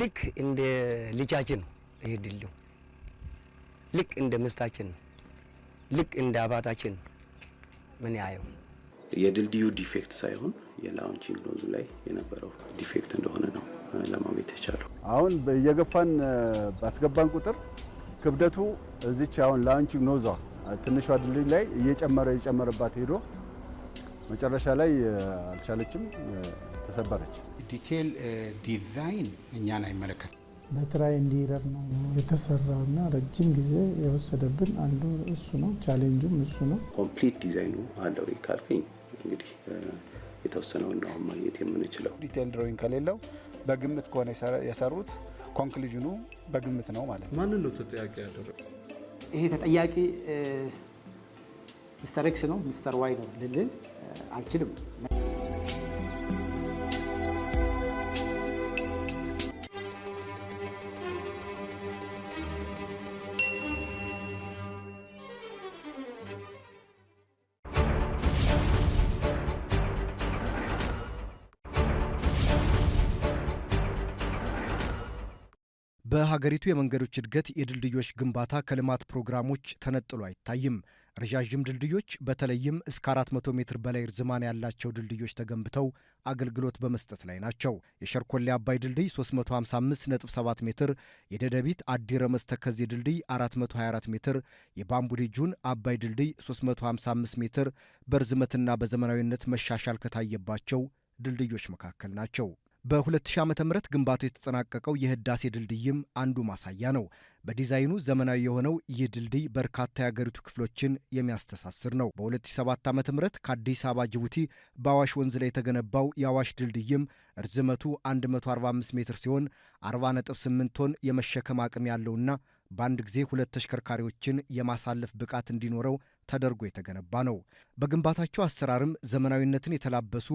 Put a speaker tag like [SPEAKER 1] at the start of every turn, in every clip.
[SPEAKER 1] ልክ እንደ ልጃችን ነው ይሄ ድልድዩ። ልክ እንደ ምስታችን ነው። ልክ እንደ አባታችን ምን ያየው
[SPEAKER 2] የድልድዩ ዲፌክት ሳይሆን የላውንቺንግ ኖዙ ላይ የነበረው ዲፌክት እንደሆነ ነው ለማግኘት የቻለው።
[SPEAKER 3] አሁን እየገፋን ባስገባን ቁጥር ክብደቱ እዚች አሁን ላውንቺንግ ኖዟ ትንሿ ድልድይ ላይ እየጨመረ እየጨመረባት ሄዶ መጨረሻ ላይ አልቻለችም። ተሰበረች።
[SPEAKER 4] ዲቴል ዲዛይን እኛን አይመለከት
[SPEAKER 5] በትራይ እንዲረር ነው የተሰራ እና ረጅም ጊዜ የወሰደብን አንዱ እሱ ነው። ቻሌንጁም እሱ ነው።
[SPEAKER 2] ኮምፕሊት ዲዛይኑ አለው ካልከኝ እንግዲህ የተወሰነው ነው ማግኘት የምንችለው።
[SPEAKER 6] ዲቴል ድሮይንግ ከሌለው በግምት ከሆነ የሰሩት ኮንክሉዥኑ በግምት ነው ማለት
[SPEAKER 7] ነው። ማንን ነው ተጠያቂ ያደረገው?
[SPEAKER 1] ይሄ ተጠያቂ ሚስተር ኤክስ ነው ሚስተር ዋይ ነው ልልን አልችልም።
[SPEAKER 8] በሀገሪቱ የመንገዶች እድገት የድልድዮች ግንባታ ከልማት ፕሮግራሞች ተነጥሎ አይታይም። ረዣዥም ድልድዮች በተለይም እስከ 400 ሜትር በላይ ርዝማን ያላቸው ድልድዮች ተገንብተው አገልግሎት በመስጠት ላይ ናቸው። የሸርኮሌ አባይ ድልድይ 355.7 ሜትር፣ የደደቢት አዲ ተከዜ ድልድይ 424 ሜትር፣ የባምቡዲጁን አባይ ድልድይ 355 ሜትር በርዝመትና በዘመናዊነት መሻሻል ከታየባቸው ድልድዮች መካከል ናቸው። በ2000 ዓ ም ግንባታው የተጠናቀቀው የህዳሴ ድልድይም አንዱ ማሳያ ነው። በዲዛይኑ ዘመናዊ የሆነው ይህ ድልድይ በርካታ የአገሪቱ ክፍሎችን የሚያስተሳስር ነው። በ2007 ዓ ም ከአዲስ አበባ ጅቡቲ በአዋሽ ወንዝ ላይ የተገነባው የአዋሽ ድልድይም እርዝመቱ 145 ሜትር ሲሆን 48 ቶን የመሸከም አቅም ያለውና በአንድ ጊዜ ሁለት ተሽከርካሪዎችን የማሳለፍ ብቃት እንዲኖረው ተደርጎ የተገነባ ነው። በግንባታቸው አሰራርም ዘመናዊነትን የተላበሱ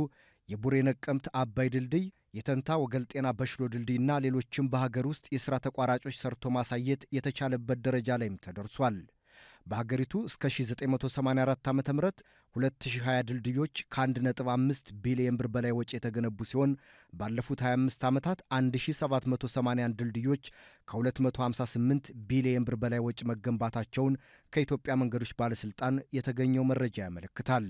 [SPEAKER 8] የቡሬ ነቀምት አባይ ድልድይ፣ የተንታ ወገል ጤና በሽሎ ድልድይና ሌሎችም በሀገር ውስጥ የሥራ ተቋራጮች ሰርቶ ማሳየት የተቻለበት ደረጃ ላይም ተደርሷል። በሀገሪቱ እስከ 1984 ዓ ም 2020 ድልድዮች ከ1.5 ቢሊየን ብር በላይ ወጪ የተገነቡ ሲሆን ባለፉት 25 ዓመታት 1781 ድልድዮች ከ258 ቢሊየን ብር በላይ ወጪ መገንባታቸውን ከኢትዮጵያ መንገዶች ባለሥልጣን የተገኘው መረጃ ያመለክታል።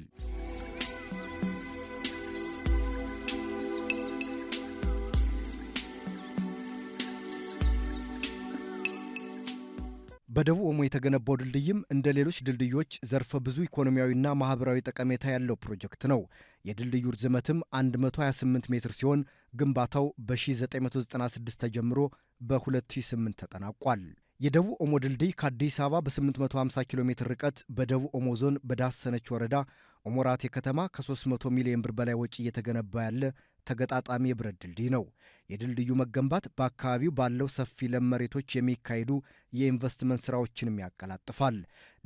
[SPEAKER 8] በደቡብ ኦሞ የተገነባው ድልድይም እንደ ሌሎች ድልድዮች ዘርፈ ብዙ ኢኮኖሚያዊና ማህበራዊ ጠቀሜታ ያለው ፕሮጀክት ነው። የድልድዩ ርዝመትም 128 ሜትር ሲሆን ግንባታው በ1996 ተጀምሮ በ2008 ተጠናቋል። የደቡብ ኦሞ ድልድይ ከአዲስ አበባ በ850 ኪሎ ሜትር ርቀት በደቡብ ኦሞ ዞን በዳሰነች ወረዳ ኦሞራቴ ከተማ ከ300 ሚሊዮን ብር በላይ ወጪ እየተገነባ ያለ ተገጣጣሚ የብረት ድልድይ ነው። የድልድዩ መገንባት በአካባቢው ባለው ሰፊ ለም መሬቶች የሚካሄዱ የኢንቨስትመንት ስራዎችንም ያቀላጥፋል።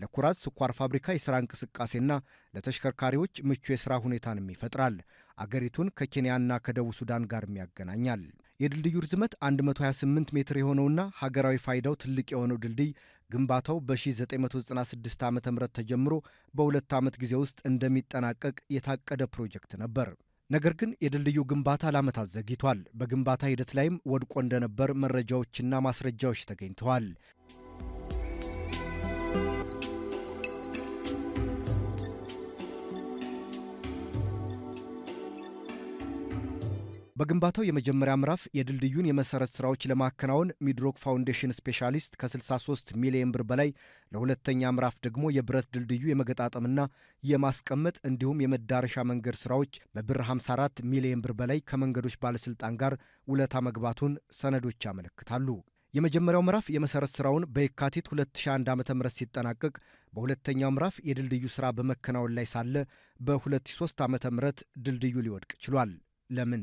[SPEAKER 8] ለኩራዝ ስኳር ፋብሪካ የስራ እንቅስቃሴና ለተሽከርካሪዎች ምቹ የስራ ሁኔታንም ይፈጥራል። አገሪቱን ከኬንያና ከደቡብ ሱዳን ጋርም ያገናኛል። የድልድዩ ርዝመት 128 ሜትር የሆነውና ሀገራዊ ፋይዳው ትልቅ የሆነው ድልድይ ግንባታው በ1996 ዓ ም ተጀምሮ በሁለት ዓመት ጊዜ ውስጥ እንደሚጠናቀቅ የታቀደ ፕሮጀክት ነበር። ነገር ግን የድልድዩ ግንባታ ለዓመታት ዘግይቷል። በግንባታ ሂደት ላይም ወድቆ እንደነበር መረጃዎችና ማስረጃዎች ተገኝተዋል። በግንባታው የመጀመሪያ ምዕራፍ የድልድዩን የመሰረት ስራዎች ለማከናወን ሚድሮክ ፋውንዴሽን ስፔሻሊስት ከ63 ሚሊዮን ብር በላይ፣ ለሁለተኛ ምዕራፍ ደግሞ የብረት ድልድዩ የመገጣጠምና የማስቀመጥ እንዲሁም የመዳረሻ መንገድ ስራዎች በብር 54 ሚሊዮን ብር በላይ ከመንገዶች ባለስልጣን ጋር ውለታ መግባቱን ሰነዶች ያመለክታሉ። የመጀመሪያው ምዕራፍ የመሰረት ስራውን በየካቲት 2001 ዓ.ም ሲጠናቀቅ በሁለተኛው ምዕራፍ የድልድዩ ስራ በመከናወን ላይ ሳለ በ2003 ዓ.ም ድልድዩ ሊወድቅ ችሏል። ለምን?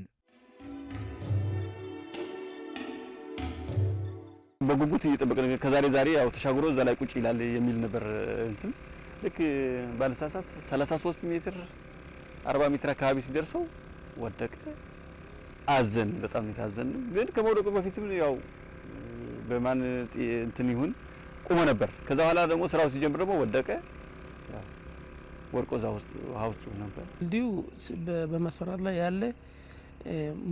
[SPEAKER 9] በጉጉት እየጠበቀ ነገር ከዛሬ ዛሬ ያው ተሻግሮ እዛ ላይ ቁጭ ይላል የሚል ነበር እንትን ልክ ባለሳሳት 33 ሜትር 40 ሜትር አካባቢ ሲደርሰው ወደቀ። አዘን በጣም የታዘን ግን ከመውደቁ በፊትም ያው በማን እንትን ይሁን ቆሞ ነበር። ከዛ በኋላ ደግሞ ስራው ሲጀምር ደግሞ ወደቀ። ወርቆ እዛ ውስጥ ውሃ ውስጥ ነበር።
[SPEAKER 10] ድልድዩ በመሰራት ላይ ያለ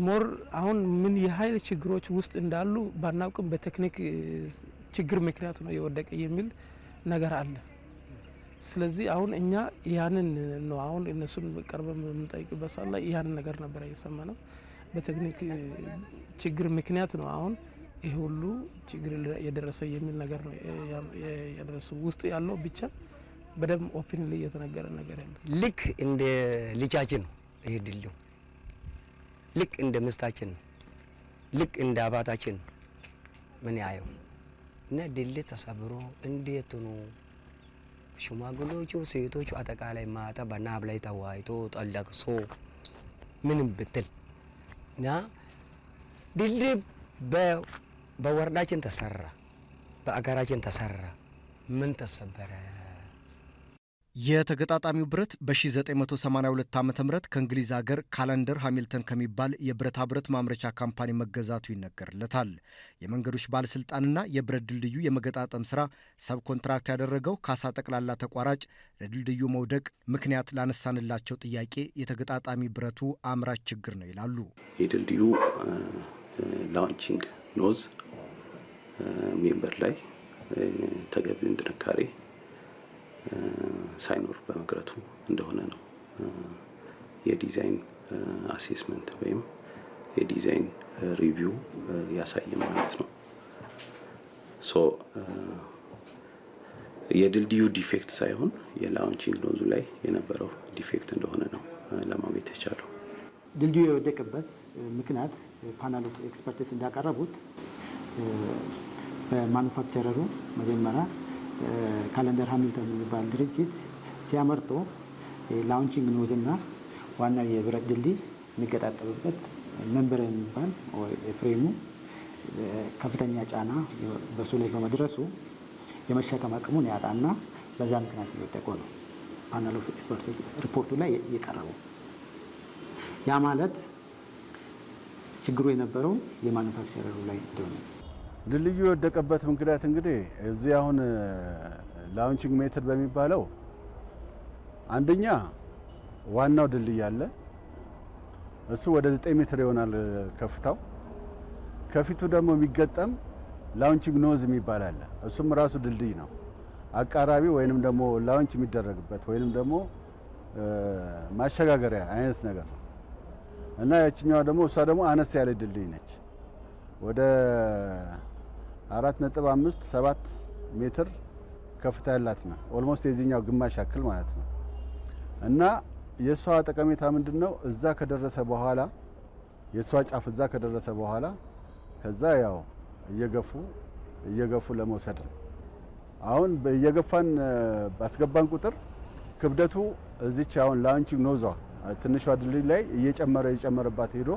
[SPEAKER 10] ሞር አሁን ምን የኃይል ችግሮች ውስጥ እንዳሉ ባናውቅም በቴክኒክ ችግር ምክንያት ነው የወደቀ የሚል ነገር አለ። ስለዚህ አሁን እኛ ያንን ነው አሁን እነሱን ቀርበ የምንጠይቅበት ላይ ያንን ነገር ነበር እየሰማ ነው። በቴክኒክ ችግር ምክንያት ነው አሁን ይህ ሁሉ ችግር የደረሰ የሚል ነገር ነው የደረሱ ውስጥ ያለው ብቻ በደንብ ላይ የተነገረ ነገር ያለ
[SPEAKER 1] ልክ እንደ ልጃችን ይህ ልክ እንደ ምስታችን ልክ እንደ አባታችን ምን ያየው እና ድል ተሰብሮ እንዴት ነው ሽማግሎቹ ሴቶቹ አጠቃላይ ማታ በናብ ላይ ተዋይቶ ጠለቅሶ ምንም ብትል እና ድልድይ በወረዳችን ተሰራ፣ በአገራችን ተሰራ። ምን ተሰበረ?
[SPEAKER 8] የተገጣጣሚው ብረት በ1982 ዓ ም ከእንግሊዝ ሀገር ካላንደር ሃሚልተን ከሚባል የብረታ ብረት ማምረቻ ካምፓኒ መገዛቱ ይነገርለታል። የመንገዶች ባለሥልጣንና የብረት ድልድዩ የመገጣጠም ሥራ ሰብ ኮንትራክት ያደረገው ካሳ ጠቅላላ ተቋራጭ ለድልድዩ መውደቅ ምክንያት ላነሳንላቸው ጥያቄ የተገጣጣሚ ብረቱ አምራች ችግር ነው ይላሉ።
[SPEAKER 2] የድልድዩ ላንቺንግ ኖዝ ሜምበር ላይ ተገቢውን ጥንካሬ ሳይኖር በመቅረቱ እንደሆነ ነው የዲዛይን አሴስመንት ወይም የዲዛይን ሪቪው ያሳየ ማለት ነው። ሶ የድልድዩ ዲፌክት ሳይሆን የላውንቺንግ ሎዙ ላይ የነበረው ዲፌክት እንደሆነ ነው ለማግኘት የቻለው።
[SPEAKER 1] ድልድዩ የወደቀበት ምክንያት ፓናል ኦፍ ኤክስፐርቲስ እንዳቀረቡት በማኑፋክቸረሩ መጀመሪያ ካለንደር ሃሚልተን የሚባል ድርጅት ሲያመርቶ ላውንቺንግ ኖዝ እና ዋና የብረት ድልድይ የሚገጣጠምበት መንበር የሚባል ፍሬሙ ከፍተኛ ጫና በሱ ላይ በመድረሱ የመሸከም አቅሙን ያጣና በዛ ምክንያት የሚወደቀው ነው ፓናል ኦፍ ኤክስፐርቶች ሪፖርቱ ላይ የቀረቡ። ያ ማለት ችግሩ የነበረው የማኑፋክቸረሩ ላይ እንደሆነ
[SPEAKER 3] ድልድዩ የወደቀበት ምክንያት እንግዲህ እዚህ አሁን ላውንቺንግ ሜትር በሚባለው አንደኛ ዋናው ድልድይ አለ። እሱ ወደ 9 ሜትር ይሆናል ከፍታው። ከፊቱ ደግሞ የሚገጠም ላውንቺንግ ኖዝ የሚባል አለ። እሱም ራሱ ድልድይ ነው። አቃራቢ ወይንም ደግሞ ላውንች የሚደረግበት ወይንም ደግሞ ማሸጋገሪያ አይነት ነገር ነው እና ያችኛዋ ደግሞ እሷ ደግሞ አነስ ያለ ድልድይ ነች ወደ አራት ነጥብ አምስት ሰባት ሜትር ከፍታ ያላት ነው። ኦልሞስት የዚህኛው ግማሽ ያክል ማለት ነው። እና የእሷ ጠቀሜታ ምንድን ነው? እዛ ከደረሰ በኋላ የእሷ ጫፍ እዛ ከደረሰ በኋላ ከዛ ያው እየገፉ እየገፉ ለመውሰድ ነው። አሁን እየገፋን ባስገባን ቁጥር ክብደቱ እዚች አሁን ላውንቺንግ ኖዟ ትንሿ ድልድይ ላይ እየጨመረ እየጨመረባት ሄዶ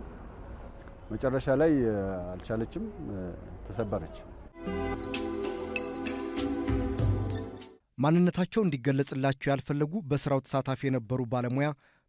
[SPEAKER 3] መጨረሻ ላይ አልቻለችም፣ ተሰበረች።
[SPEAKER 8] ማንነታቸው እንዲገለጽላቸው ያልፈለጉ በስራው ተሳታፊ የነበሩ ባለሙያ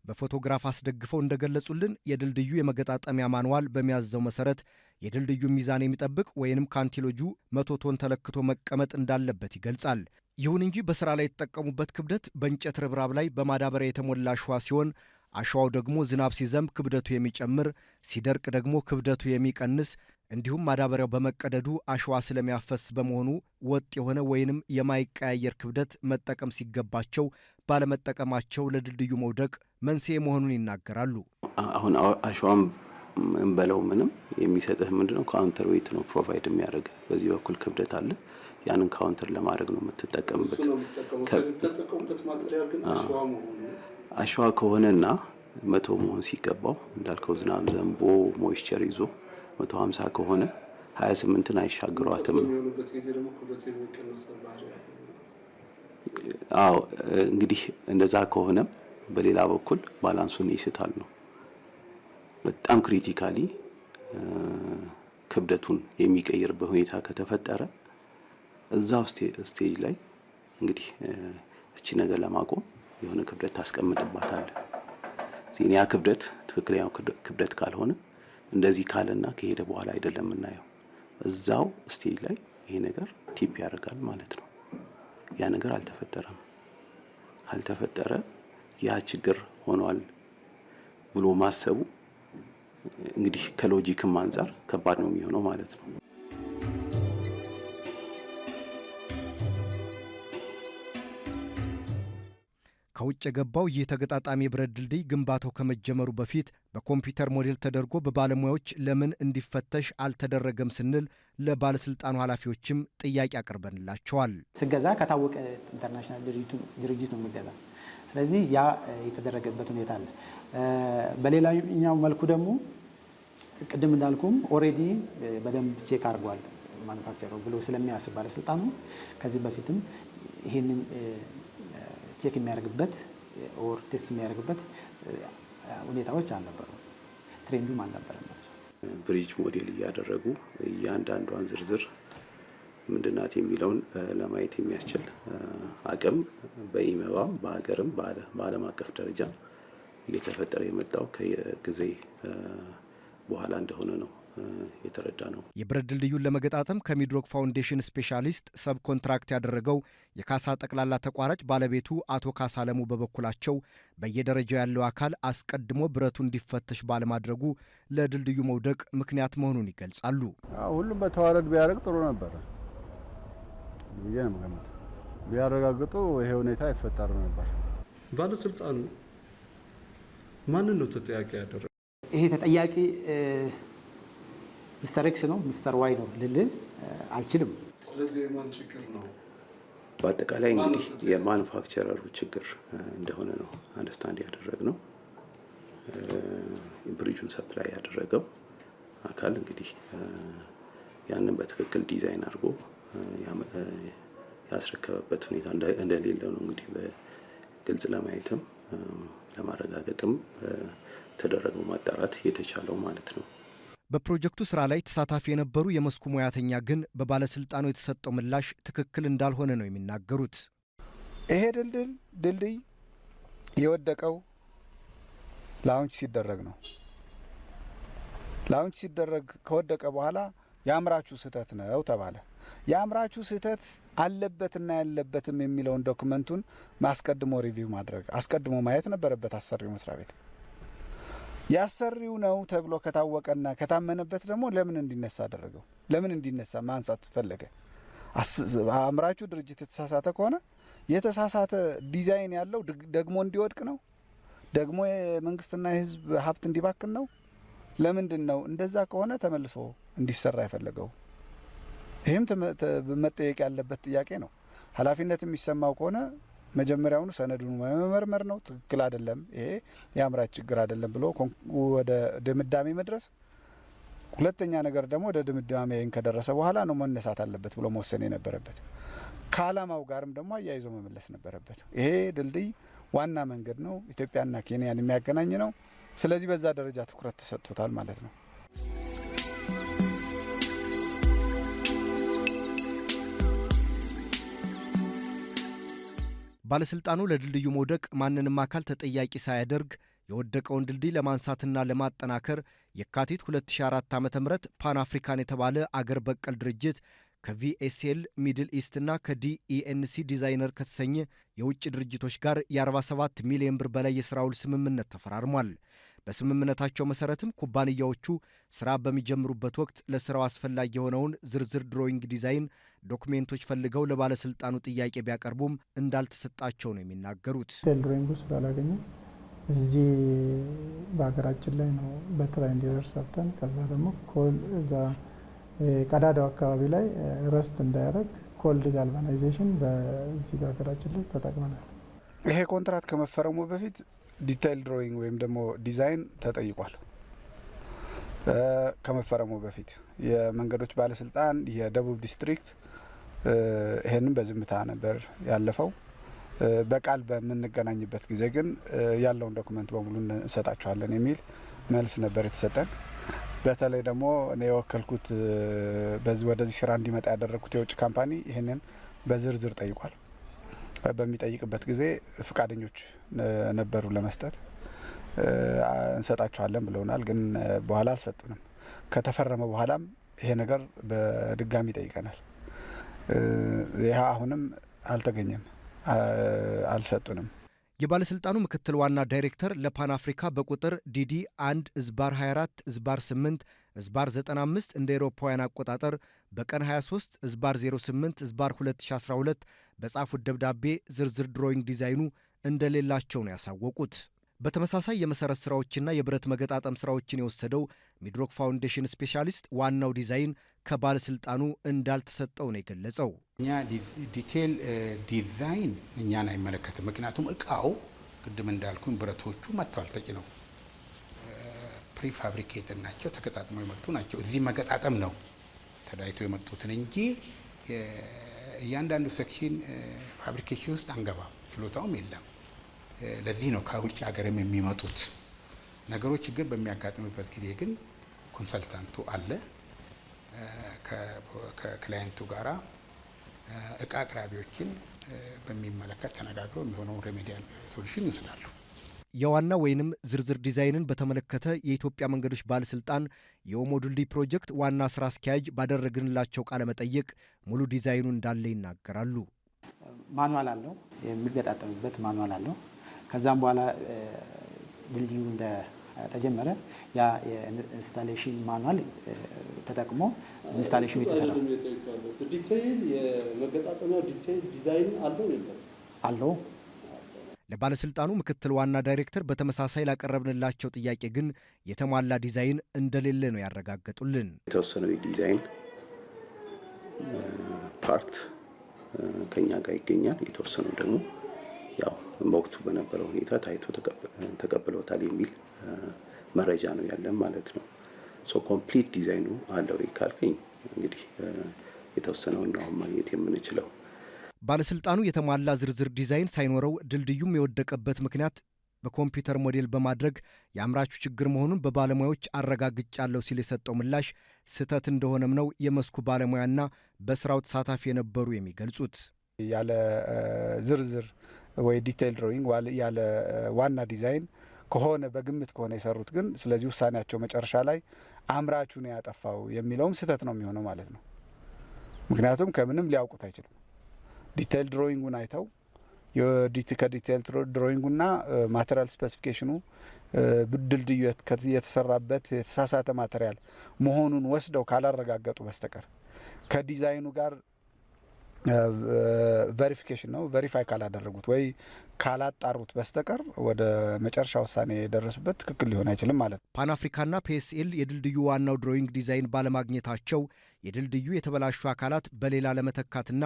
[SPEAKER 8] በፎቶግራፍ አስደግፈው እንደገለጹልን የድልድዩ የመገጣጠሚያ ማንዋል በሚያዘው መሰረት የድልድዩ ሚዛን የሚጠብቅ ወይንም ካንቲሎጁ መቶ ቶን ተለክቶ መቀመጥ እንዳለበት ይገልጻል። ይሁን እንጂ በስራ ላይ የተጠቀሙበት ክብደት በእንጨት ርብራብ ላይ በማዳበሪያ የተሞላ አሸዋ ሲሆን አሸዋው ደግሞ ዝናብ ሲዘንብ ክብደቱ የሚጨምር ሲደርቅ ደግሞ ክብደቱ የሚቀንስ እንዲሁም ማዳበሪያው በመቀደዱ አሸዋ ስለሚያፈስ በመሆኑ ወጥ የሆነ ወይንም የማይቀያየር ክብደት መጠቀም ሲገባቸው ባለመጠቀማቸው ለድልድዩ መውደቅ መንስኤ መሆኑን ይናገራሉ።
[SPEAKER 9] አሁን አሸዋም እንበለው ምንም የሚሰጥህ ምንድነው ካውንተር ዌይት ነው ፕሮቫይድ የሚያደርግ በዚህ በኩል ክብደት አለ ያንን ካውንተር ለማድረግ ነው የምትጠቀምበት። አሸዋ ከሆነና መቶ መሆን ሲገባው እንዳልከው ዝናብ ዘንቦ ሞይስቸር ይዞ መቶ ሀምሳ ከሆነ ሀያ ስምንትን አይሻግሯትም ነው። አዎ እንግዲህ እንደዛ ከሆነም በሌላ በኩል ባላንሱን ይስታል ነው። በጣም ክሪቲካሊ ክብደቱን የሚቀይርበት ሁኔታ ከተፈጠረ እዛው ስቴጅ ላይ እንግዲህ እቺ ነገር ለማቆም የሆነ ክብደት ታስቀምጥባታል። ዜን ያ ክብደት ትክክለኛው ክብደት ካልሆነ እንደዚህ ካለና ከሄደ በኋላ አይደለም የምናየው፣ እዛው ስቴጅ ላይ ይሄ ነገር ቲፕ ያደርጋል ማለት ነው። ያ ነገር አልተፈጠረም። ካልተፈጠረ ያ ችግር ሆኗል ብሎ ማሰቡ እንግዲህ ከሎጂክም አንጻር ከባድ ነው የሚሆነው ማለት ነው።
[SPEAKER 8] ከውጭ የገባው ይህ ተገጣጣሚ የብረት ድልድይ ግንባታው ከመጀመሩ በፊት በኮምፒውተር ሞዴል ተደርጎ በባለሙያዎች ለምን እንዲፈተሽ አልተደረገም ስንል ለባለስልጣኑ ኃላፊዎችም ጥያቄ አቅርበንላቸዋል።
[SPEAKER 1] ስገዛ ከታወቀ ኢንተርናሽናል ድርጅት ነው የሚገዛ። ስለዚህ ያ የተደረገበት ሁኔታ አለ። በሌላኛው መልኩ ደግሞ ቅድም እንዳልኩም ኦሬዲ በደንብ ቼክ አድርጓል ማኑፋክቸሩ ብሎ ስለሚያስብ ባለስልጣኑ ከዚህ በፊትም ይህንን ቼክ የሚያደርግበት ኦር ቴስት የሚያደርግበት ሁኔታዎች አልነበሩ፣ ትሬንዱም አልነበረም።
[SPEAKER 2] ብሪጅ ሞዴል እያደረጉ እያንዳንዷን ዝርዝር ምንድናት የሚለውን ለማየት የሚያስችል አቅም በኢመባ በሀገርም በዓለም አቀፍ ደረጃ እየተፈጠረ የመጣው ከጊዜ በኋላ እንደሆነ ነው የተረዳ ነው።
[SPEAKER 8] የብረት ድልድዩን ለመገጣጠም ከሚድሮክ ፋውንዴሽን ስፔሻሊስት ሰብ ኮንትራክት ያደረገው የካሳ ጠቅላላ ተቋራጭ ባለቤቱ አቶ ካሳ አለሙ በበኩላቸው በየደረጃው ያለው አካል አስቀድሞ ብረቱ እንዲፈተሽ ባለማድረጉ ለድልድዩ መውደቅ ምክንያት መሆኑን ይገልጻሉ።
[SPEAKER 3] ሁሉም በተዋረድ ቢያደርግ ጥሩ ነበረ ብዬ ነው የምገምት። ቢያረጋግጡ ይሄ ሁኔታ አይፈጠር ነበር።
[SPEAKER 7] ባለስልጣኑ ማንን ነው ተጠያቂ ያደረገ?
[SPEAKER 1] ይሄ ተጠያቂ ሚስተር ኤክስ ነው ሚስተር ዋይ ነው ልልህ አልችልም።
[SPEAKER 11] ስለዚህ የማን ችግር ነው?
[SPEAKER 2] በአጠቃላይ እንግዲህ የማኑፋክቸረሩ ችግር እንደሆነ ነው አንደርስታንድ ነው። ብሪጁን ሰፕላይ ያደረገው አካል እንግዲህ ያንን በትክክል ዲዛይን አድርጎ ያስረከበበት ሁኔታ እንደሌለ ነው እንግዲህ በግልጽ ለማየትም ለማረጋገጥም ተደረገው ማጣራት የተቻለው ማለት ነው።
[SPEAKER 8] በፕሮጀክቱ ስራ ላይ ተሳታፊ የነበሩ የመስኩ ሙያተኛ ግን በባለስልጣኑ የተሰጠው ምላሽ ትክክል እንዳልሆነ ነው የሚናገሩት።
[SPEAKER 3] ይሄ ድልድል ድልድይ የወደቀው ላውንች ሲደረግ ነው። ላውንች ሲደረግ ከወደቀ በኋላ የአምራቹ ስህተት ነው ተባለ። የአምራቹ ስህተት አለበትና ያለበትም የሚለውን ዶክመንቱን አስቀድሞ ሪቪው ማድረግ አስቀድሞ ማየት ነበረበት አሰሪው መስሪያ ቤት። ያሰሪው ነው ተብሎ ከታወቀና ከታመነበት ደግሞ ለምን እንዲነሳ አደረገው? ለምን እንዲነሳ ማንሳት ፈለገ? አምራቹ ድርጅት የተሳሳተ ከሆነ የተሳሳተ ዲዛይን ያለው ደግሞ እንዲወድቅ ነው፣ ደግሞ የመንግስትና የህዝብ ሀብት እንዲባክን ነው። ለምንድን ነው እንደዛ ከሆነ ተመልሶ እንዲሰራ የፈለገው? ይህም መጠየቅ ያለበት ጥያቄ ነው። ኃላፊነት የሚሰማው ከሆነ መጀመሪያውኑ ሰነዱን መመርመር ነው። ትክክል አይደለም፣ ይሄ የአምራች ችግር አይደለም ብሎ ወደ ድምዳሜ መድረስ። ሁለተኛ ነገር ደግሞ ወደ ድምዳሜ ይህን ከደረሰ በኋላ ነው መነሳት አለበት ብሎ መወሰን የነበረበት። ከአላማው ጋርም ደግሞ አያይዞ መመለስ ነበረበት። ይሄ ድልድይ ዋና መንገድ ነው፣ ኢትዮጵያና ኬንያን የሚያገናኝ ነው። ስለዚህ በዛ ደረጃ ትኩረት ተሰጥቶታል ማለት ነው።
[SPEAKER 8] ባለሥልጣኑ ለድልድዩ መውደቅ ማንንም አካል ተጠያቂ ሳያደርግ የወደቀውን ድልድይ ለማንሳትና ለማጠናከር የካቲት 2004 ዓ ም ፓን አፍሪካን የተባለ አገር በቀል ድርጅት ከቪኤስኤል ሚድል ኢስት እና ከዲኢኤንሲ ዲዛይነር ከተሰኘ የውጭ ድርጅቶች ጋር የ47 ሚሊዮን ብር በላይ የሥራ ውል ስምምነት ተፈራርሟል። በስምምነታቸው መሠረትም ኩባንያዎቹ ሥራ በሚጀምሩበት ወቅት ለሥራው አስፈላጊ የሆነውን ዝርዝር ድሮይንግ ዲዛይን ዶክሜንቶች ፈልገው ለባለስልጣኑ ጥያቄ ቢያቀርቡም እንዳልተሰጣቸው ነው የሚናገሩት።
[SPEAKER 5] ድሮይንጉ ስላላገኘ እዚህ በሀገራችን ላይ ነው በትራይ እንዲደርስ ሰጥተን ከዛ ደግሞ ኮል እዛ ቀዳዳው አካባቢ ላይ ረስት እንዳያደርግ ኮልድ ጋልቫናይዜሽን በዚህ በሀገራችን ላይ ተጠቅመናል።
[SPEAKER 3] ይሄ ኮንትራት ከመፈረሙ በፊት ዲታይል ድሮይንግ ወይም ደግሞ ዲዛይን ተጠይቋል። ከመፈረሙ በፊት የመንገዶች ባለስልጣን የደቡብ ዲስትሪክት ይህንም በዝምታ ነበር ያለፈው። በቃል በምንገናኝበት ጊዜ ግን ያለውን ዶክመንት በሙሉ እንሰጣችኋለን የሚል መልስ ነበር የተሰጠን። በተለይ ደግሞ እኔ የወከልኩት በዚህ ወደዚህ ስራ እንዲመጣ ያደረግኩት የውጭ ካምፓኒ ይህንን በዝርዝር ጠይቋል። በሚጠይቅበት ጊዜ ፍቃደኞች ነበሩ ለመስጠት እንሰጣችኋለን ብለውናል። ግን በኋላ አልሰጡንም። ከተፈረመ በኋላም ይሄ ነገር በድጋሚ ይጠይቀናል። ይህ አሁንም አልተገኘም፣ አልሰጡንም።
[SPEAKER 8] የባለሥልጣኑ ምክትል ዋና ዳይሬክተር ለፓን አፍሪካ በቁጥር ዲዲ 1 ዝባር 24 ዝባር 8 ዝባር 95 እንደ ኤሮፓውያን አቆጣጠር በቀን 23 ዝባር 08 ዝባር 2012 በጻፉት ደብዳቤ ዝርዝር ድሮይንግ ዲዛይኑ እንደሌላቸው ነው ያሳወቁት። በተመሳሳይ የመሰረት ስራዎችና የብረት መገጣጠም ስራዎችን የወሰደው ሚድሮክ ፋውንዴሽን ስፔሻሊስት ዋናው ዲዛይን ከባለስልጣኑ እንዳልተሰጠው ነው የገለጸው።
[SPEAKER 4] እኛ ዲቴል ዲዛይን እኛን አይመለከትም። ምክንያቱም እቃው ቅድም እንዳልኩኝ ብረቶቹ መጥተዋል ተጭ ነው ፕሪፋብሪኬት ናቸው። ተገጣጥመው የመጡ ናቸው። እዚህ መገጣጠም ነው ተዳይቶ የመጡትን እንጂ እያንዳንዱ ሴክሽን ፋብሪኬሽን ውስጥ አንገባም፣ ችሎታውም የለም። ለዚህ ነው ከውጭ ሀገርም የሚመጡት ነገሮች ችግር በሚያጋጥምበት ጊዜ ግን ኮንሰልታንቱ አለ ከክላይንቱ ጋራ እቃ አቅራቢዎችን በሚመለከት ተነጋግረው የሚሆነውን ሬሜዲያል ሶሉሽን ይወስዳሉ።
[SPEAKER 8] የዋና ወይንም ዝርዝር ዲዛይንን በተመለከተ የኢትዮጵያ መንገዶች ባለስልጣን የኦሞ ድልድይ ፕሮጀክት ዋና ስራ አስኪያጅ ባደረግንላቸው ቃለ መጠይቅ ሙሉ ዲዛይኑ እንዳለ ይናገራሉ።
[SPEAKER 1] ማኑዋል አለው የሚገጣጠምበት ማኑዋል አለው። ከዛም በኋላ ድልድዩ እንደ ተጀመረ። ያ የኢንስታሌሽን ማኑዋል ተጠቅሞ ኢንስታሌሽኑ የተሰራ
[SPEAKER 11] ዲቴይል የመገጣጠሚያው ዲቴይል ዲዛይን አለው
[SPEAKER 1] አለው።
[SPEAKER 8] ለባለስልጣኑ ምክትል ዋና ዳይሬክተር በተመሳሳይ ላቀረብንላቸው ጥያቄ ግን የተሟላ ዲዛይን እንደሌለ ነው ያረጋገጡልን።
[SPEAKER 2] የተወሰነው የዲዛይን ፓርት ከኛ ጋር ይገኛል። የተወሰነው ደግሞ ያው በወቅቱ በነበረው ሁኔታ ታይቶ ተቀብለውታል የሚል መረጃ ነው ያለን ማለት ነው። ሶ ኮምፕሊት ዲዛይኑ አለው ካልከኝ እንግዲህ የተወሰነውን ነው ማግኘት የምንችለው።
[SPEAKER 8] ባለስልጣኑ የተሟላ ዝርዝር ዲዛይን ሳይኖረው ድልድዩም የወደቀበት ምክንያት በኮምፒውተር ሞዴል በማድረግ የአምራቹ ችግር መሆኑን በባለሙያዎች አረጋግጫለሁ ሲል የሰጠው ምላሽ ስህተት እንደሆነም ነው የመስኩ ባለሙያና በስራው ተሳታፊ የነበሩ የሚገልጹት።
[SPEAKER 3] ያለ ዝርዝር ወይ ዲቴል ድሮዊንግ ያለ ዋና ዲዛይን ከሆነ በግምት ከሆነ የሰሩት ግን ስለዚህ ውሳኔያቸው መጨረሻ ላይ አምራቹ ነው ያጠፋው የሚለውም ስህተት ነው የሚሆነው ማለት ነው። ምክንያቱም ከምንም ሊያውቁት አይችሉም። ዲቴል ድሮዊንጉን አይተው ከዲቴል ድሮዊንጉና ማቴሪያል ስፔሲፊኬሽኑ ድልድዩ የተሰራበት የተሳሳተ ማቴሪያል መሆኑን ወስደው ካላረጋገጡ በስተቀር ከዲዛይኑ ጋር ቨሪፊኬሽን ነው። ቨሪፋይ ካላደረጉት ወይ ካላጣሩት በስተቀር ወደ መጨረሻ ውሳኔ የደረሱበት ትክክል ሊሆን አይችልም ማለት ነው።
[SPEAKER 8] ፓን አፍሪካና ፒኤስኤል የድልድዩ ዋናው ድሮይንግ ዲዛይን ባለማግኘታቸው የድልድዩ የተበላሹ አካላት በሌላ ለመተካትና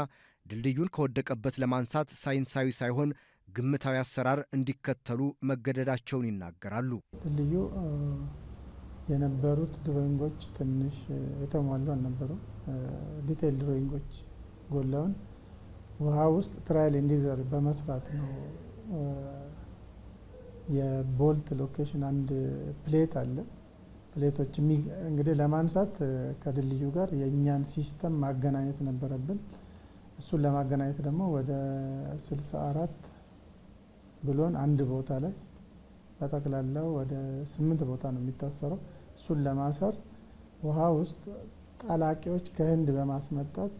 [SPEAKER 8] ድልድዩን ከወደቀበት ለማንሳት ሳይንሳዊ ሳይሆን ግምታዊ አሰራር እንዲከተሉ መገደዳቸውን ይናገራሉ።
[SPEAKER 5] ድልድዩ የነበሩት ድሮይንጎች ትንሽ የተሟሉ አልነበሩም። ዲቴይል ድሮይንጎች ጎን ለጎን ውሃ ውስጥ ትራይል እንዲደረግ በመስራት ነው። የቦልት ሎኬሽን አንድ ፕሌት አለ። ፕሌቶች እንግዲህ ለማንሳት ከድልድዩ ጋር የእኛን ሲስተም ማገናኘት ነበረብን። እሱን ለማገናኘት ደግሞ ወደ ስልሳ አራት ብሎን አንድ ቦታ ላይ በጠቅላላው ወደ ስምንት ቦታ ነው የሚታሰረው። እሱን ለማሰር ውሃ ውስጥ ጣላቂዎች ከህንድ በማስመጣት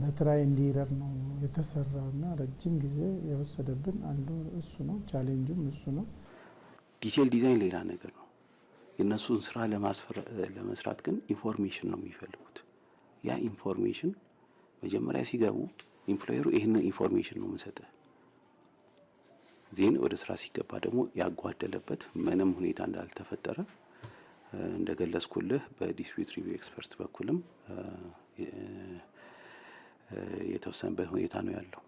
[SPEAKER 5] በትራይ እንዲረር ነው የተሰራ ና ረጅም ጊዜ የወሰደብን አንዱ እሱ ነው። ቻሌንጁም እሱ ነው።
[SPEAKER 9] ዲቴል ዲዛይን ሌላ ነገር ነው። የእነሱን ስራ ለመስራት ግን ኢንፎርሜሽን ነው የሚፈልጉት። ያ ኢንፎርሜሽን መጀመሪያ ሲገቡ ኢምፕሎየሩ ይህንን ኢንፎርሜሽን ነው የምሰጠ ዜን ወደ ስራ ሲገባ ደግሞ ያጓደለበት ምንም ሁኔታ እንዳልተፈጠረ እንደገለጽኩልህ በዲስፒዩት ሪቪ ኤክስፐርት በኩልም የተወሰነበት ሁኔታ ነው ያለው።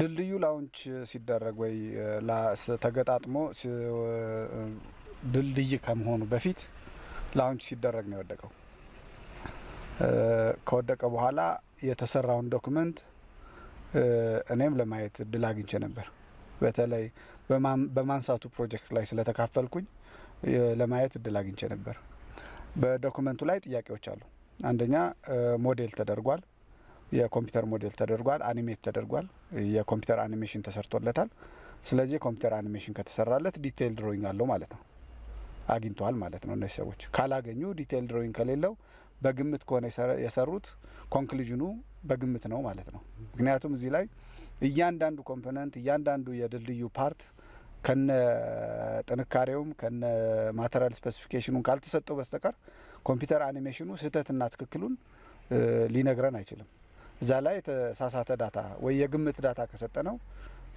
[SPEAKER 3] ድልድዩ ላውንች ሲደረግ ወይ ተገጣጥሞ ድልድይ ከመሆኑ በፊት ላውንች ሲደረግ ነው የወደቀው። ከወደቀ በኋላ የተሰራውን ዶክመንት እኔም ለማየት እድል አግኝቼ ነበር። በተለይ በማንሳቱ ፕሮጀክት ላይ ስለተካፈልኩኝ ለማየት እድል አግኝቼ ነበር። በዶኩመንቱ ላይ ጥያቄዎች አሉ። አንደኛ ሞዴል ተደርጓል፣ የኮምፒውተር ሞዴል ተደርጓል፣ አኒሜት ተደርጓል፣ የኮምፒውተር አኒሜሽን ተሰርቶለታል። ስለዚህ የኮምፒውተር አኒሜሽን ከተሰራለት ዲቴይል ድሮይንግ አለው ማለት ነው፣ አግኝተዋል ማለት ነው። እነዚህ ሰዎች ካላገኙ ዲቴይል ድሮይንግ ከሌለው በግምት ከሆነ የሰሩት ኮንክሉዥኑ በግምት ነው ማለት ነው። ምክንያቱም እዚህ ላይ እያንዳንዱ ኮምፖነንት እያንዳንዱ የድልድዩ ፓርት ከነ ጥንካሬውም ከነ ማተሪያል ስፔሲፊኬሽኑን ካልተሰጠው በስተቀር ኮምፒውተር አኒሜሽኑ ስህተትና ትክክሉን ሊነግረን አይችልም። እዛ ላይ የተሳሳተ ዳታ ወይ የግምት ዳታ ከሰጠ ነው።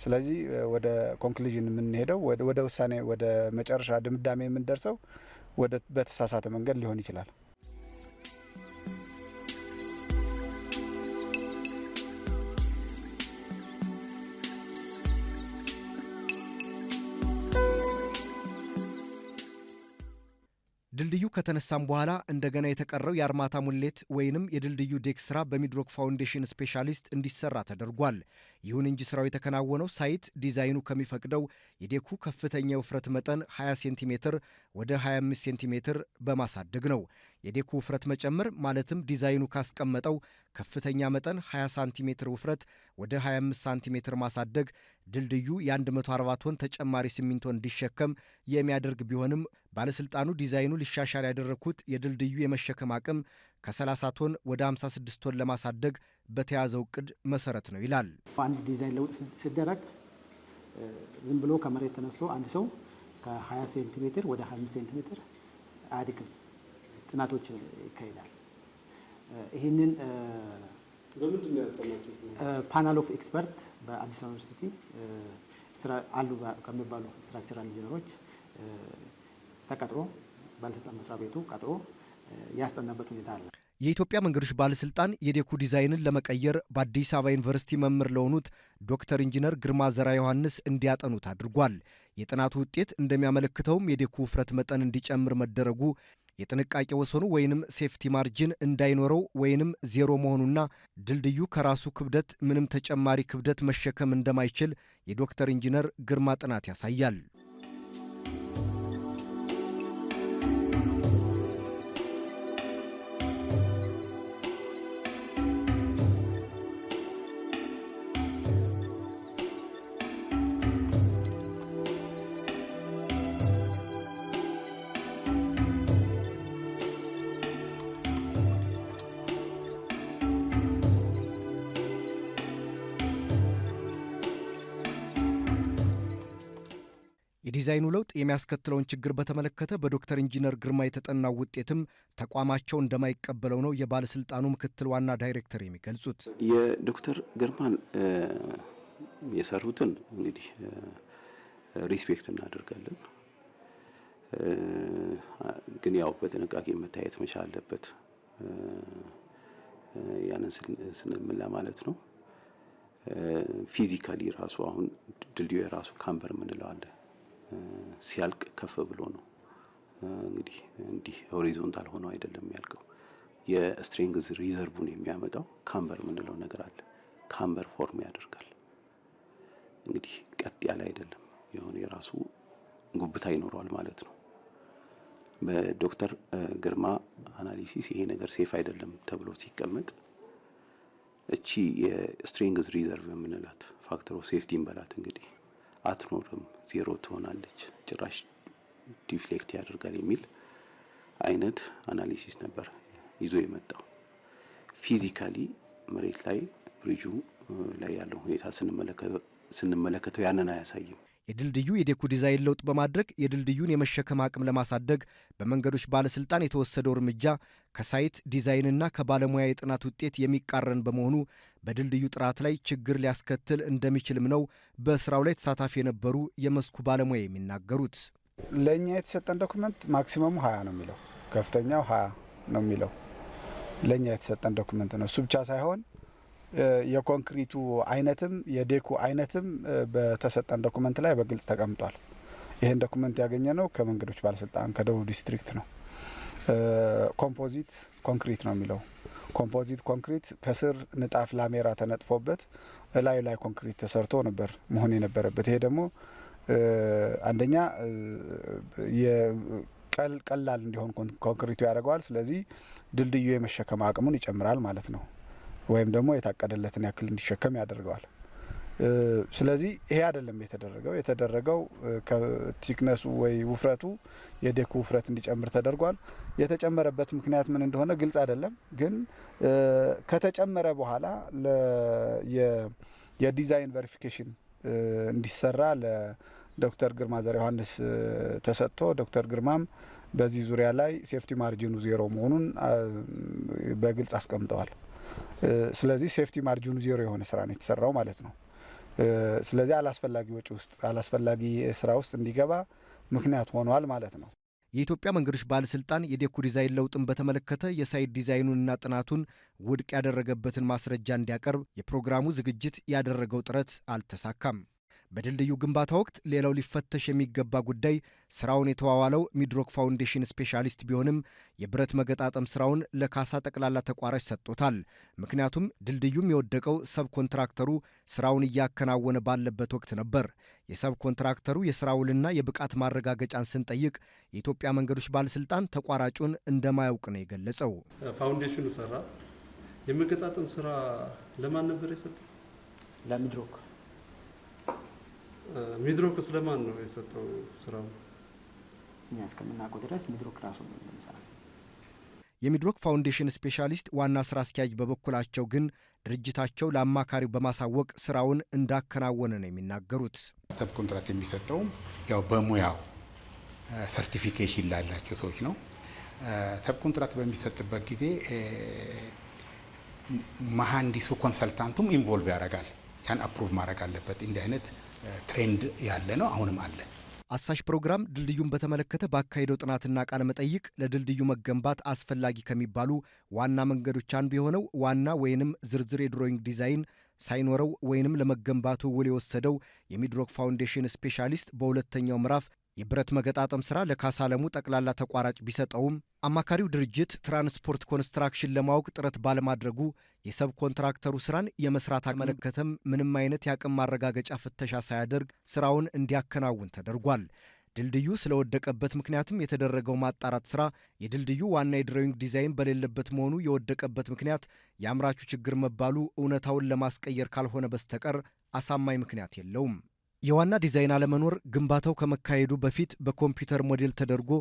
[SPEAKER 3] ስለዚህ ወደ ኮንክሉዥን የምንሄደው ወደ ውሳኔ ወደ መጨረሻ ድምዳሜ የምንደርሰው ወደ በተሳሳተ መንገድ ሊሆን ይችላል።
[SPEAKER 8] ድልድዩ ከተነሳም በኋላ እንደገና የተቀረው የአርማታ ሙሌት ወይንም የድልድዩ ዴክ ስራ በሚድሮክ ፋውንዴሽን ስፔሻሊስት እንዲሰራ ተደርጓል። ይሁን እንጂ ስራው የተከናወነው ሳይት ዲዛይኑ ከሚፈቅደው የዴኩ ከፍተኛ የውፍረት መጠን 20 ሴንቲሜትር ወደ 25 ሴንቲሜትር በማሳደግ ነው። የዴኮ ውፍረት መጨመር ማለትም ዲዛይኑ ካስቀመጠው ከፍተኛ መጠን 20 ሳንቲሜትር ውፍረት ወደ 25 ሳንቲሜትር ማሳደግ ድልድዩ የ140 ቶን ተጨማሪ ሲሚንቶ እንዲሸከም የሚያደርግ ቢሆንም ባለሥልጣኑ ዲዛይኑ ሊሻሻል ያደረግኩት የድልድዩ የመሸከም አቅም ከ30 ቶን ወደ 56 ቶን ለማሳደግ በተያዘው እቅድ መሰረት ነው ይላል።
[SPEAKER 1] አንድ ዲዛይን ለውጥ ሲደረግ ዝም ብሎ ከመሬት ተነስቶ አንድ ሰው ከ20 ሴንቲሜትር ወደ 25 ሴንቲሜትር አያድግም። ጥናቶች ይካሄዳል። ይህንን ፓናል ኦፍ ኤክስፐርት በአዲስ አበባ ዩኒቨርሲቲ አሉ ከሚባሉ ስትራክቸራል ኢንጂነሮች ተቀጥሮ ባለስልጣን መስሪያ ቤቱ ቀጥሮ ያስጠናበት ሁኔታ አለ።
[SPEAKER 8] የኢትዮጵያ መንገዶች ባለስልጣን የዴኩ ዲዛይንን ለመቀየር በአዲስ አበባ ዩኒቨርሲቲ መምህር ለሆኑት ዶክተር ኢንጂነር ግርማ ዘራ ዮሐንስ እንዲያጠኑት አድርጓል። የጥናቱ ውጤት እንደሚያመለክተውም የዴኩ ውፍረት መጠን እንዲጨምር መደረጉ የጥንቃቄ ወሰኑ ወይንም ሴፍቲ ማርጅን እንዳይኖረው ወይንም ዜሮ መሆኑና ድልድዩ ከራሱ ክብደት ምንም ተጨማሪ ክብደት መሸከም እንደማይችል የዶክተር ኢንጂነር ግርማ ጥናት ያሳያል። የዲዛይኑ ለውጥ የሚያስከትለውን ችግር በተመለከተ በዶክተር ኢንጂነር ግርማ የተጠናው ውጤትም ተቋማቸው እንደማይቀበለው ነው የባለስልጣኑ ምክትል ዋና ዳይሬክተር የሚገልጹት።
[SPEAKER 9] የዶክተር ግርማን የሰሩትን እንግዲህ ሪስፔክት እናደርጋለን፣ ግን ያው በጥንቃቄ መታየት መቻል አለበት። ያንን ስንምላ ማለት ነው ፊዚካሊ ራሱ አሁን ድልድዩ የራሱ ካምበር የምንለው አለ። ሲያልቅ ከፍ ብሎ ነው። እንግዲህ እንዲህ ሆሪዞንታል ሆኖ አይደለም የሚያልቀው። የስትሪንግዝ ሪዘርቭን የሚያመጣው ካምበር የምንለው ነገር አለ። ካምበር ፎርም ያደርጋል። እንግዲህ ቀጥ ያለ አይደለም፣ የሆነ የራሱ ጉብታ ይኖረዋል ማለት ነው። በዶክተር ግርማ አናሊሲስ ይሄ ነገር ሴፍ አይደለም ተብሎ ሲቀመጥ እቺ የስትሬንግዝ ሪዘርቭ የምንላት ፋክተር ኦፍ ሴፍቲ እንበላት እንግዲህ አትኖርም፣ ዜሮ ትሆናለች፣ ጭራሽ ዲፍሌክት ያደርጋል የሚል አይነት አናሊሲስ ነበር ይዞ የመጣው። ፊዚካሊ መሬት ላይ ብሪጁ ላይ ያለው ሁኔታ ስንመለከተው ያንን አያሳይም።
[SPEAKER 8] የድልድዩ የዴኮ ዲዛይን ለውጥ በማድረግ የድልድዩን የመሸከም አቅም ለማሳደግ በመንገዶች ባለስልጣን የተወሰደው እርምጃ ከሳይት ዲዛይንና ከባለሙያ የጥናት ውጤት የሚቃረን በመሆኑ በድልድዩ ጥራት ላይ ችግር ሊያስከትል እንደሚችልም ነው በስራው ላይ ተሳታፊ የነበሩ የመስኩ ባለሙያ የሚናገሩት።
[SPEAKER 3] ለእኛ የተሰጠን ዶክመንት ማክሲመሙ ሀያ ነው የሚለው ከፍተኛው ሀያ ነው የሚለው ለእኛ የተሰጠን ዶክመንት ነው። እሱ ብቻ ሳይሆን የኮንክሪቱ አይነትም የዴኩ አይነትም በተሰጠን ዶክመንት ላይ በግልጽ ተቀምጧል። ይህን ዶክመንት ያገኘ ነው ከመንገዶች ባለስልጣን ከደቡብ ዲስትሪክት ነው። ኮምፖዚት ኮንክሪት ነው የሚለው። ኮምፖዚት ኮንክሪት ከስር ንጣፍ ላሜራ ተነጥፎበት እላዩ ላይ ኮንክሪት ተሰርቶ ነበር መሆን የነበረበት። ይሄ ደግሞ አንደኛ ቀላል እንዲሆን ኮንክሪቱ ያደርገዋል። ስለዚህ ድልድዩ የመሸከም አቅሙን ይጨምራል ማለት ነው፣ ወይም ደግሞ የታቀደለትን ያክል እንዲሸከም ያደርገዋል። ስለዚህ ይሄ አይደለም የተደረገው። የተደረገው ከቲክነሱ ወይ ውፍረቱ የዴኩ ውፍረት እንዲጨምር ተደርጓል። የተጨመረበት ምክንያት ምን እንደሆነ ግልጽ አይደለም። ግን ከተጨመረ በኋላ የዲዛይን ቨሪፊኬሽን እንዲሰራ ለዶክተር ግርማ ዘር ዮሐንስ ተሰጥቶ ዶክተር ግርማም በዚህ ዙሪያ ላይ ሴፍቲ ማርጂኑ ዜሮ መሆኑን በግልጽ አስቀምጠዋል። ስለዚህ ሴፍቲ ማርጂኑ ዜሮ የሆነ ስራ ነው የተሰራው ማለት ነው። ስለዚህ አላስፈላጊ ወጪ ውስጥ አላስፈላጊ ስራ ውስጥ እንዲገባ ምክንያት ሆኗል ማለት ነው።
[SPEAKER 8] የኢትዮጵያ መንገዶች ባለስልጣን የዴኮ ዲዛይን ለውጥን በተመለከተ የሳይድ ዲዛይኑንና ጥናቱን ውድቅ ያደረገበትን ማስረጃ እንዲያቀርብ የፕሮግራሙ ዝግጅት ያደረገው ጥረት አልተሳካም። በድልድዩ ግንባታ ወቅት ሌላው ሊፈተሽ የሚገባ ጉዳይ ስራውን የተዋዋለው ሚድሮክ ፋውንዴሽን ስፔሻሊስት ቢሆንም የብረት መገጣጠም ስራውን ለካሳ ጠቅላላ ተቋራጭ ሰጥቶታል። ምክንያቱም ድልድዩም የወደቀው ሰብ ኮንትራክተሩ ስራውን እያከናወነ ባለበት ወቅት ነበር። የሰብ ኮንትራክተሩ የስራ ውልና የብቃት ማረጋገጫን ስንጠይቅ የኢትዮጵያ መንገዶች ባለስልጣን ተቋራጩን እንደማያውቅ ነው የገለጸው።
[SPEAKER 11] ፋውንዴሽኑ ሰራ የመገጣጠም ስራ ለማን ነበር የሰጠው? ለሚድሮክ ሚድሮክ ስለማን ነው የሰጠው ስራው?
[SPEAKER 1] እኛ እስከምናውቀው ድረስ ሚድሮክ ራሱ ነው
[SPEAKER 8] የሚድሮክ ፋውንዴሽን ስፔሻሊስት ዋና ስራ አስኪያጅ በበኩላቸው ግን ድርጅታቸው ለአማካሪው በማሳወቅ ስራውን እንዳከናወነ ነው የሚናገሩት።
[SPEAKER 4] ሰብ ኮንትራት የሚሰጠው ያው በሙያው ሰርቲፊኬሽን ላላቸው ሰዎች ነው። ሰብ ኮንትራት በሚሰጥበት ጊዜ መሀንዲሱ ኮንሰልታንቱም ኢንቮልቭ ያደርጋል። ያን አፕሩቭ ማድረግ አለበት። እንዲህ አይነት ትሬንድ ያለ ነው፣ አሁንም አለ።
[SPEAKER 8] አሳሽ ፕሮግራም ድልድዩን በተመለከተ ባካሄደው ጥናትና ቃለ መጠይቅ ለድልድዩ መገንባት አስፈላጊ ከሚባሉ ዋና መንገዶች አንዱ የሆነው ዋና ወይንም ዝርዝር የድሮይንግ ዲዛይን ሳይኖረው ወይንም ለመገንባቱ ውል የወሰደው የሚድሮክ ፋውንዴሽን ስፔሻሊስት በሁለተኛው ምዕራፍ የብረት መገጣጠም ስራ ለካሳ አለሙ ጠቅላላ ተቋራጭ ቢሰጠውም አማካሪው ድርጅት ትራንስፖርት ኮንስትራክሽን ለማወቅ ጥረት ባለማድረጉ የሰብ ኮንትራክተሩ ስራን የመስራት አመለከተም ምንም አይነት የአቅም ማረጋገጫ ፍተሻ ሳያደርግ ስራውን እንዲያከናውን ተደርጓል። ድልድዩ ስለወደቀበት ምክንያትም የተደረገው ማጣራት ስራ የድልድዩ ዋና የድሮዊንግ ዲዛይን በሌለበት መሆኑ የወደቀበት ምክንያት የአምራቹ ችግር መባሉ እውነታውን ለማስቀየር ካልሆነ በስተቀር አሳማኝ ምክንያት የለውም። የዋና ዲዛይን አለመኖር ግንባታው ከመካሄዱ በፊት በኮምፒውተር ሞዴል ተደርጎ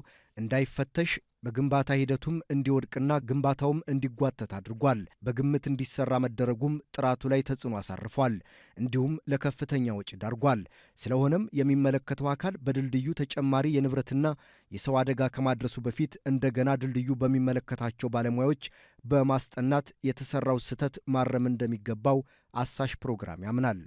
[SPEAKER 8] እንዳይፈተሽ በግንባታ ሂደቱም እንዲወድቅና ግንባታውም እንዲጓተት አድርጓል። በግምት እንዲሰራ መደረጉም ጥራቱ ላይ ተጽዕኖ አሳርፏል፣ እንዲሁም ለከፍተኛ ወጪ ዳርጓል። ስለሆነም የሚመለከተው አካል በድልድዩ ተጨማሪ የንብረትና የሰው አደጋ ከማድረሱ በፊት እንደገና ድልድዩ በሚመለከታቸው ባለሙያዎች በማስጠናት የተሰራው ስህተት ማረም እንደሚገባው አሳሽ ፕሮግራም ያምናል።